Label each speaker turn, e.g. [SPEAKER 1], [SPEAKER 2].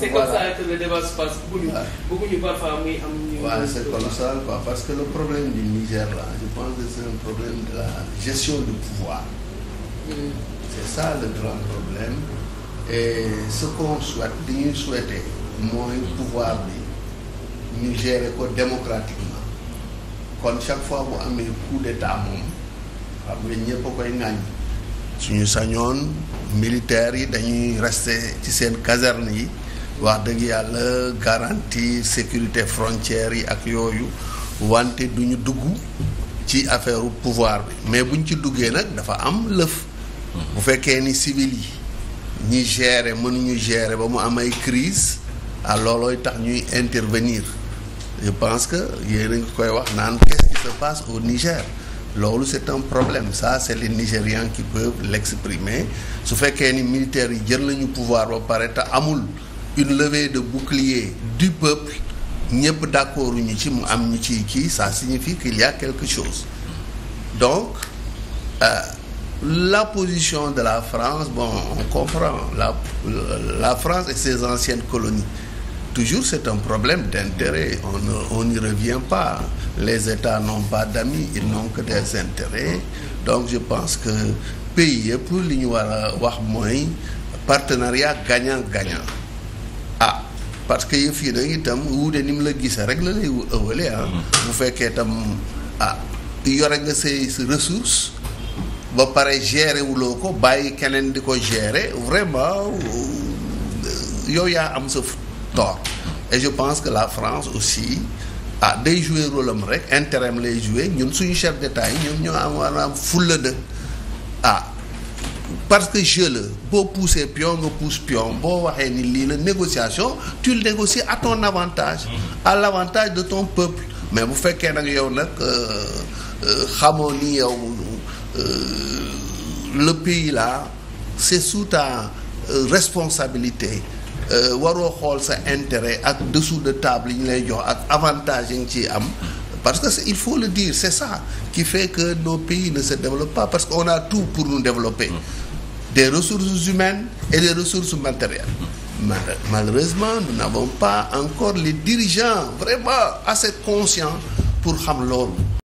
[SPEAKER 1] c'est c'est comme ça quoi parce que le problème du Niger là je pense que c'est un problème de la gestion du pouvoir. Mm. c'est ça le grand problème et ce qu'on souhaite li ñuy souhaiter mooy pouvoir bi ñu gérer ko démocratiquement kon chaque fois bu amee coup d'état moom xam nga ñëpp a koy ŋàññ. suñu sañoon militaires yi dañuy rester ci seen caserne yi. wax dëgg yàlla garantie sécurité frontière yi ak yooyu wante duñu ñu dugg ci affaire pouvoir bi mais buñ ci duggee nag dafa am lëf bu fekkee ni civil yi ñi gérer mënuñu gérer ba mu am crise ah loolooy tax ñuy intervenir je pense que yéen a ngi koy wax naan qu'est-ce qui se passe au Niger loolu c'est un problème ça c'est les Nigérians qui peuvent l'exprimer su fekkee ni militaires yi jël nañu pouvoir ba pare te amul une levée de bouclier du peuple ñëpp d'accord ñu ci mu am ñu ci kii ça signifie qu'il y a quelque chose donc euh, la position de la France bon on comprend la la France et ses anciennes colonies toujours c'est un problème d'intérêt on on n'y revient pas les États n'ont pas d'amis ils n'ont que des intérêts donc je pense que pays yëpp li ñu war wax mooy partenariat gagnant-gagnant parce que yëf yi dañuy itam wuute ni mu la gisee rek la lay ëwale ah. mu mm-hmm. fekkee tam ah yore nga say ressources ba pare gérer wuloo ko bàyyi keneen di ko gérer vraiment euh, yow yaa am sa tort. Mm-hmm. et je pense que la France aussi ah day jouer rôle am rek intérêt am lay joue ñun suñu chef d'État yi ñoom ñoo am maanaam fulla de ah. parce que jeu la boo poussé pion nga pousse pion boo waxee ni lii la négociation tu le négocies à ton avantage. à l'avantage de ton peuple. mais bu fekkee nag yow nag euh, euh, xamoo ni yow euh, le pays là c'est sous ta responsabilité. waroo xool sa intérêt ak dessous de table yi ñu lay jox ak avantage yi nga ci am parce que il faut le dire c'est ça qui fait que nos pays ne se développent pas parce qu'on a tout pour nous développer. des ressources humaines et des ressources matérielles. Malheureusement, nous n'avons pas encore les dirigeants vraiment assez conscients pour xam loolu